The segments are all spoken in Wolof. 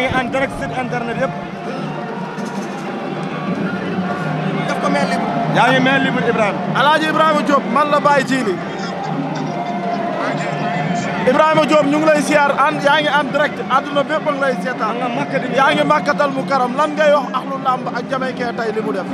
ngi en yaa ngi main libre Ibrahima. El Hadj Ibrahima Diop man la Baye Djily. Ibrahima Diop ñu ngi lay siyaar an yaa ngi en direct àdduna bépp a ngi lay seetaan. yaa ngi màkkatal mu karam lan ngay wax axlu làmb ak jamaykee tey mu def.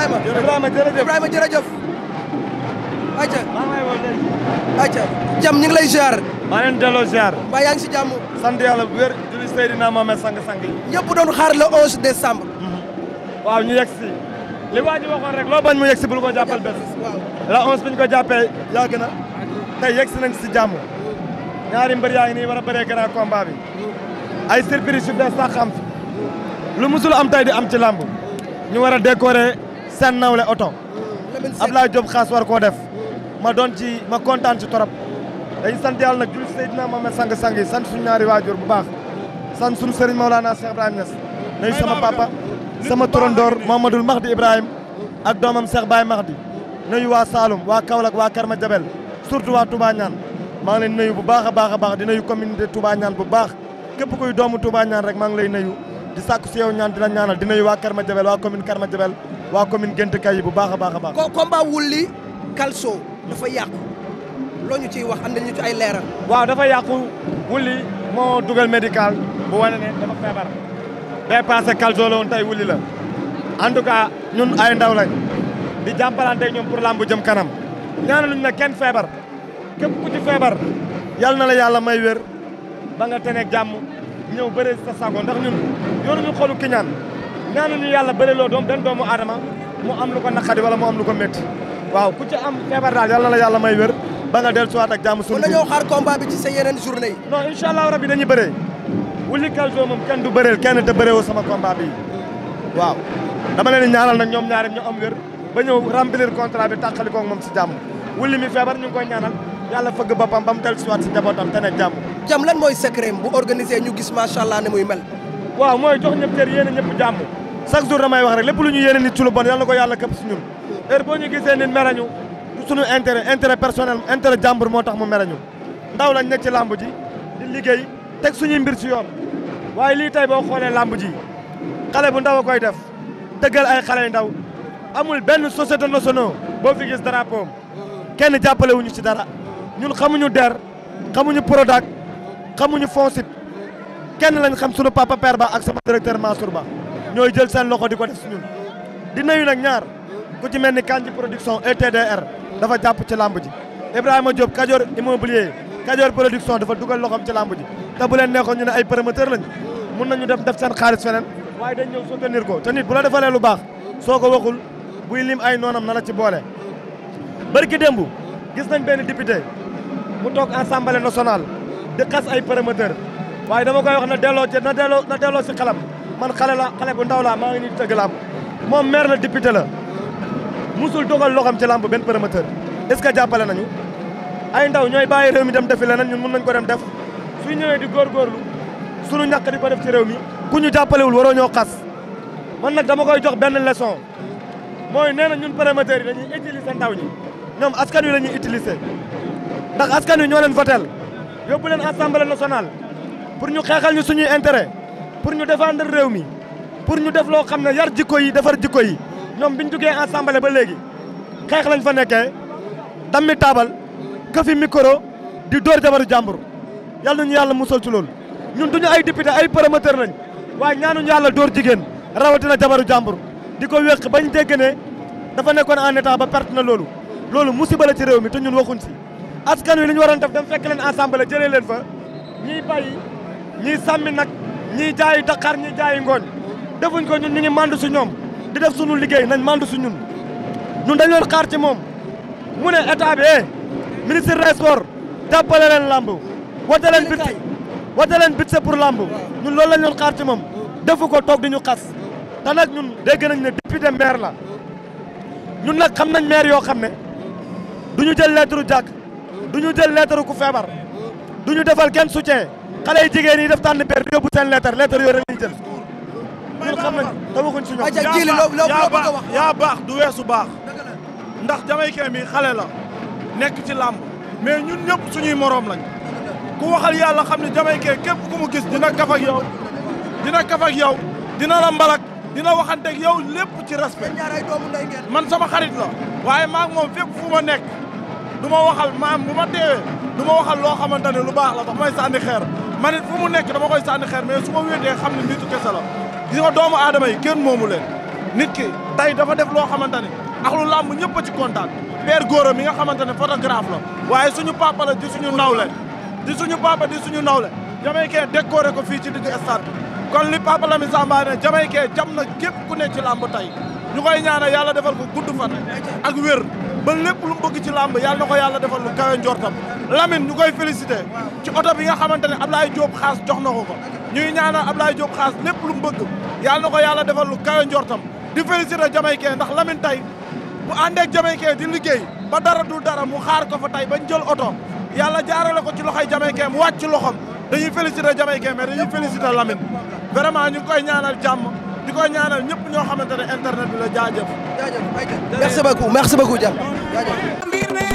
Ibrahima Ibrahima jërëjëf Ibrahima jërëjëf. jam ñu ngi lay ziar. maa leen delloo ziar. mbaa yaa ngi si jàmm. sant yàlla bu wér julli Seydina Mohamed sang-sang yi. ñëpp doon xaar le 11 décembre. Mhm. waaw ñu yegg si li waa ji waxoon rek loo bañ mu yegg bul ko jàppal bés. la 11 bi ñu ko jàppee yàgg na tey yegg si nañ si jàmm ñaari mbër yaa ngi nii war a bëree grand ay surprise yu bees sax lu musul am tey di am ci làmb ñu war a décorer. seen nawle oto Abdoulaye Diop xaas war koo def ma doon ci ma kontaan ci torop dañ sant yàlla nag jul Seydina Mohamed sang sang yi sant suñu ñaari waajur bu baax sant suñu sëriñ Maolana Cheikh Ibrahim Niass dañ sama papa sama turandoor Mamadou Mahdi Ibrahim ak doomam Cheikh Baye Mahdi nuyu waa Saloum waa Kaolack waa Karma Jabel surtout waa Touba Niane maa ngi leen nuyu bu baax a baax a baax di nuyu communauté Touba Niane bu baax képp kuy doomu Touba Niane rek maa ngi lay nuyu di sàkku si yow ñaan di la ñaanal di nuyu waa Karma Jabel waa commune Karma Jabel waa commune Gént Kayi bu baax a baax a baax. combat wulli Calcio dafa yàqu loo ñu ciy wax andil ñu ay leeral. waaw dafa yàqu wulli moo dugal médical bu wane ne dafa feebar. bee passé Calcio la woon tey en tout cas ñun ay ndaw lañ di jàmpalanteeg ñoom pour làmb jëm kanam ñaanaluñ na kenn feebar képp ku ci yal na la yàlla may wér ba nga teneeg jàmm ñëw bëre sa sago ndax ñun yoonu ñu xolu kiñaan ñaanuñu yàlla bëri loo doom benn doomu aadama mu am lu ko naqari mu am lu ko waaw ku ci am feebar daal yàlla la yàlla may wér ba nga dellusiwaat ak jàmm suñu. kon dañoo xaar combat bi ci sa yeneen journée yi. non incha allah rabi dañuy bëree Wouly Calcio moom kenn du bëreel kenn te bëree woo sama combat bi waaw dama leen ñaanal nag ñoom ñaari ñu am wér ba ñëw remplir contrat bi tàqali koog moom si jàmm Wouly mi feebar ñu ngi koy ñaanal yàlla fëgg ba mu lan mooy secret bu organisé ñu gis macha allah ni waaw mooy jox ñëpp cër yéene ñëpp jàmm chaque jour damay wax rek lépp lu ñu yéene nit ci lu bon yàlla na ko yàlla këpp si ñun heure boo ñu gisee nit merañu suñu intérêt intérêt personnel intérêt jàmbur moo tax mu merañu ndaw lañ nekk ci làmb ji di liggéey teg suñuy mbir ci yoon waaye lii tey boo xoolee làmb ji xale bu ndaw a koy def dëggal ay xale ndaw amul benn société nationale boo fi gis drapeau kenn jàppale wuñu dara ñun xamuñu DER xamuñu Prodac xamuñu FONSIS kenn lañ xam sunu papa père ba ak sama directeur Mansour Ba ñooy jël seen loxo di ko def si ñun. di nuyu nag ñaar ku ci mel ni Kanji production ETDR dafa jàpp ci lamb ji Ibrahima Diop Kajoor immobilier Kajoor production dafa dugal loxoom ci lamb ji te bu leen nekkoon ñu ne ay promoteur lañ mun nañu dem def seen xaalis feneen waaye dañ ñëw soutenir ko te nit bu la defalee lu baax soo ko waxul buy lim ay noonam na la ci boole. barki démb gis nañ benn député mu toog assemblée nationale di xas ay promoteur waaye dama koy wax na delloo ci na delloo na delloo si xelam man xale la xale bu ndaw laa maa ngi nii tëgg làmb moom maire la député la musul dogal loxam ci làmb benn promoteur est-ce que jàppale nañu ay ndaw ñooy bàyyi réew mi dem defi leneen ñun mën nañ ko dem def su ñëwee di góorgóorlu suñu ñàkk di ko def ci réew mi ku ñu jàppalewul waroo ñoo xas man nag dama koy jox benn leçon mooy nee na ñun promoteurs yi dañuy utiliser ndaw ñi ñoom askan wi la ñuy utiliser ndax askan wi ñoo leen votel yóbbu leen assemblée nationale pour ñu xeexal ñu suñuy intérêt pour ñu défendre réew mi pour ñu def loo xam ne yar jikko yi defar jikko yi ñoom biñ duggee ensemble ba léegi xeex lañ fa nekkee dammi taabal këfi micro di dóor jabaru jàmbur yàlla nañu yàlla musal ci loolu ñun duñu ay député ay promoteur lañ waaye ñaanuñu yàlla door jigéen rawatina jabaru jàmbur di ko wéq bañ dégg ne dafa nekkoon en état ba perte na loolu loolu musiba la ci réew mi te ñun waxuñ si askan wi li ñu waroon def fekk leen ensemble leen fa ñiy bàyyi ñiy sàmmi nag ñiy jaayi daqaar ñiy jaayi ngooñ defuñ ko ñun ñu ngi mandu si ñoom di def suñu liggéey nañ mandu si ñun ñun dañ leen xaar moom mu ne état bi eh ministre des sports jàppale leen lamb wate leen bit wate pour lamb ñun loolu lañ leen xaar ci moom defu ko toog di ñu xas te nag ñun dégg nañ ne député maire la ñun nag xam nañ maire yoo xam ne duñu ñu jël lettre jàkk du ñu jël lettre ku feebar du ñu defal kenn soutien xale yi jigéen yi daf tànn benn bu seen lettre lettre yooyu rek lañ jël. ñun xam nañ dama ko ci ñoom. yaa baax yaa baax du weesu baax. ndax jamaïcain bi xale la nekk ci làmp mais ñun ñëpp suñuy moroom lañ ku waxal yàlla xam ne jamaïcain képp ku mu gis dina kaf ak yow dina kaf ak yow dina la dina waxante ak yow lépp ci respect man sama xarit la waaye maa ngi moom fépp fu ma nekk du ma waxal maam bu ma teewee du ma waxal loo xamante ne lu baax la dafa may sànni xeer man it fu mu nekk dama koy sànni xeer mais su ma wéetee xam ne nitu kese la gis doomu aadama yi kenn moomu leen nit ki tey dafa def loo xamante ne ak lu làmb ñëpp ci kontaan père Gora mi nga xamante ne photographe la waaye suñu papa la di suñu nawle di suñu papa di suñu nawle jamaykee décoré ko fii ci digg stade bi kon li papa Lamine Samba ne jamaykee jam na képp ku ne ci làmb tey ñu koy ñaanal yàlla defal ko gudd fan ak wér ba lépp lu mu bëgg ci làmb yàlla na ko yàlla defal lu kawe njortam Lamine ñu koy félicité ci oto bi nga xamante ne Ablaye Diop xaas jox na ko ko ñuy ñaanal Ablaye Diop xaas lépp lu mu bëgg yàlla na ko yàlla defal lu kawe njortam di félicité Jamaïcain ndax Lamine tey bu àndeek Jamaïcain di liggéey ba dara dul dara mu xaar ko fa tey bañ jël oto yàlla jaarale ko ci loxoy Jamaïcain mu wàcc loxom dañuy félicité Jamaïcain mais dañuy félicité Lamine vraiment ñu ngi koy jàmm di koy ñaanal ñëpp ñoo xamante ne internet bi la jaajëf. jaajëf merci beaucoup merci beaucoup Dia jaajëf.